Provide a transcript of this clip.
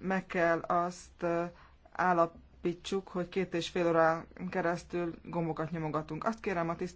meg kell azt állapítsuk, hogy két és fél órán keresztül gombokat nyomogatunk. Azt kérem a tiszt